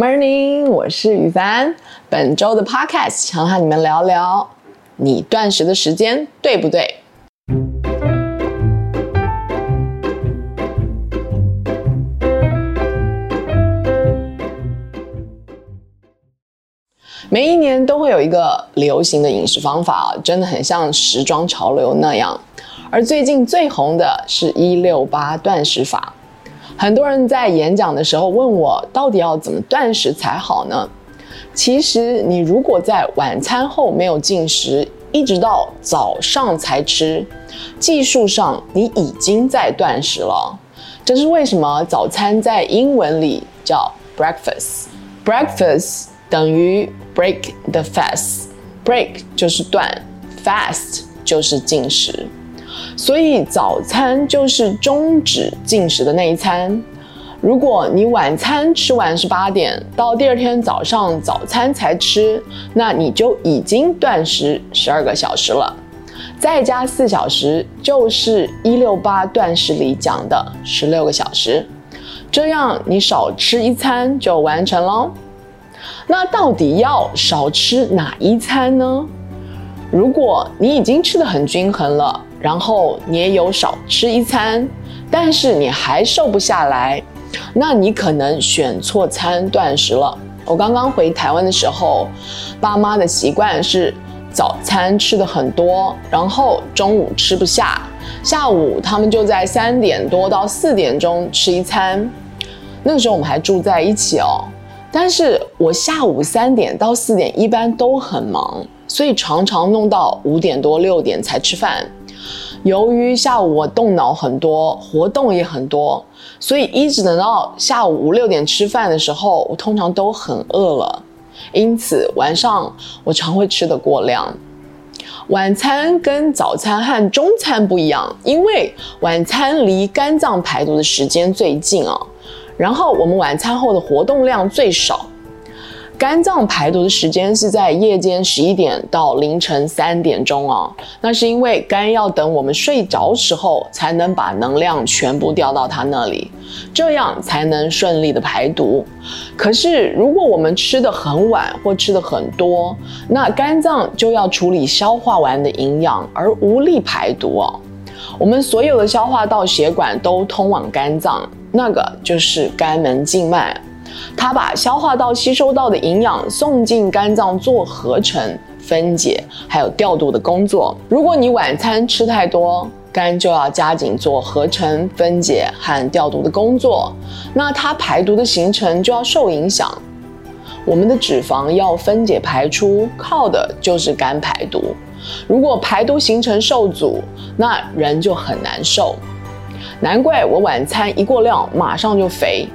Morning，我是宇凡。本週的 Podcast 想和你們聊聊你斷食的時間，對不對？每一年都會有一個流行的飲食方法，真的很像時裝潮流那樣。而最近最紅的是一六八斷食法。很多人在演講的時候問我，到底要怎麼斷食才好呢？其實，你如果在晚餐後沒有進食，一直到早上才吃，技術上你已經在斷食了。這是為什麼？早餐在英文裡叫 breakfast，breakfast 等於 break the fast，break 就是斷，fast 就是禁食。所以早餐就是終止進食的那一餐。如果你晚餐吃完是八點，到第二天早上早餐才吃，那你就已經斷食十二個小時了，再加四小時就是一六八斷食裡講的十六個小時。這樣你少吃一餐就完成嘍。那到底要少吃哪一餐呢？如果你已經吃得很均衡了，然後你也有少吃一餐，但是你還瘦不下來，那你可能選錯餐斷食了。我剛剛回台灣的時候，爸媽的習慣是早餐吃得很多，然後中午吃不下，下午他們就在三點多到四點鐘吃一餐。那個時候我們還住在一起哦，但是我下午三點到四點一般都很忙，所以常常弄到五點多六點才吃飯。由於下午我動腦很多，活動也很多，所以一直等到下午五六點吃飯的時候，我通常都很餓了。因此晚上我常會吃得過量。晚餐跟早餐和中餐不一樣，因為晚餐離肝臟排毒的時間最近啊，然後我們晚餐後的活動量最少。肝臟排毒的時間是在夜間十一點到凌晨三點鐘哦，那是因為肝要等我們睡着時候才能把能量全部調到它那裡，這樣才能順利的排毒。可是如果我們吃的很晚或吃的很多，那肝臟就要處理消化完的營養而無力排毒哦。我們所有的消化道血管都通往肝臟，那個就是肝門靜脈。它把消化道吸收到的營養送進肝臟做合成分解，還有調度的工作。如果你晚餐吃太多，肝就要加緊做合成分解和調度的工作，那它排毒的行程就要受影響。我們的脂肪要分解排出，靠的就是肝排毒。如果排毒行程受阻，那人就很難受。難怪我晚餐一過量，馬上就肥。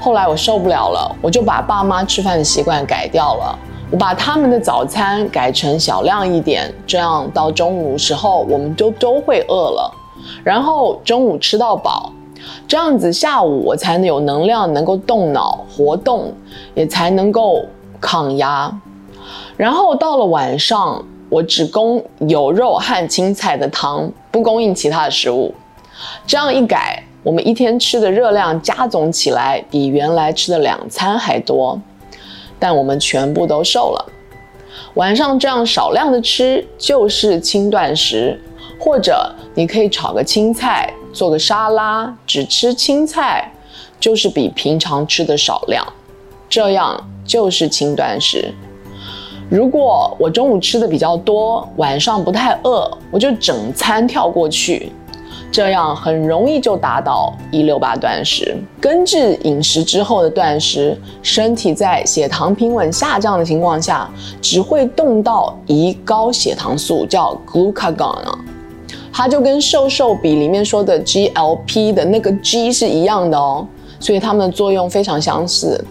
後來我受不了了，我就把爸媽吃飯的習慣改掉了。我把他們的早餐改成小量一點，這樣到中午時候我們就都，都會餓了，然後中午吃到飽，這樣子下午我才能有能量能夠動腦活動，也才能夠抗壓。然後到了晚上，我只供有肉和青菜的湯，不供應其他的食物。這樣一改。我們一天吃的熱量加總起來比原來吃的兩餐還多，但我們全部都瘦了。晚上這樣少量的吃就是輕斷食，或者你可以炒個青菜，做個沙拉，只吃青菜，就是比平常吃的少量，這樣就是輕斷食。如果我中午吃的比較多，晚上不太餓，我就整餐跳過去。這樣很容易就達到一六八斷食。根治飲食之後的斷食，身體在血糖平穩下降的情況下，只會動到胰高血糖素，叫 glucagon 啊。它就跟瘦瘦筆裡面說的 GLP 的那個 G 是一樣的哦，所以它們的作用非常相似。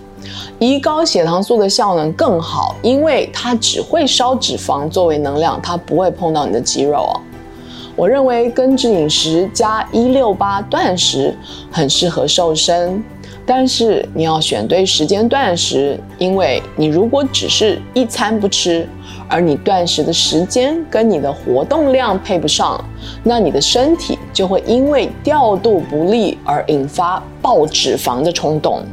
胰高血糖素的效能更好，因為它只會燒脂肪作為能量，它不會碰到你的肌肉哦。我認為根治飲食加一六八斷食很適合瘦身，但是你要選對時間斷食，因為你如果只是一餐不吃，而你斷食的時間跟你的活動量配不上，那你的身體就會因為調度不利而引發爆脂肪的衝動，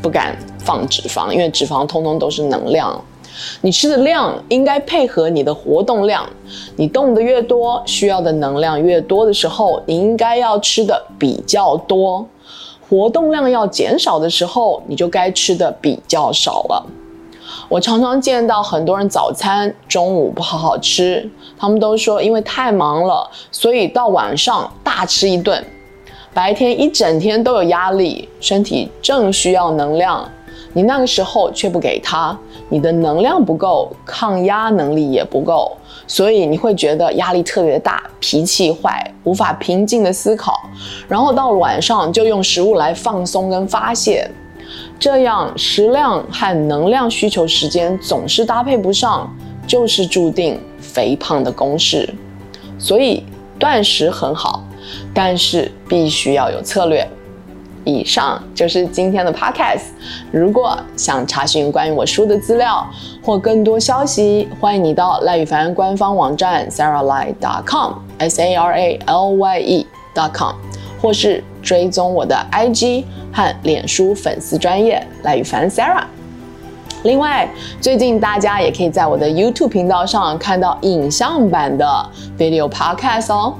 不敢放脂肪，因為脂肪通通都是能量。你吃的量應該配合你的活動量，你動得越多，需要的能量越多的時候，你應該要吃的比較多；活動量要減少的時候，你就該吃的比較少了。我常常見到很多人早餐、中午不好好吃，他們都說因為太忙了，所以到晚上大吃一頓。白天一整天都有壓力，身體正需要能量。你那個時候卻不給他，你的能量不夠，抗壓能力也不夠，所以你會覺得壓力特別大，脾氣壞，無法平靜地思考，然後到了晚上就用食物來放鬆跟發洩，這樣食量和能量需求時間總是搭配不上，就是注定肥胖的公式。所以斷食很好，但是必須要有策略。以上就是今天的 podcast。如果想查詢關於我書的資料或更多消息，歡迎你到賴宇凡官方網站 saralye.com s, com, s a r a l y e dot com，或是追蹤我的 IG 和臉書粉絲專頁賴宇凡 Sara。另外，最近大家也可以在我的 YouTube 頻道上看到影像版的 video podcast 哦，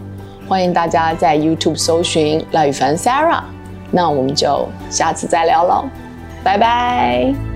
歡迎大家在 YouTube 搜尋賴宇凡 Sara。那我們就下次再聊嘍，拜拜。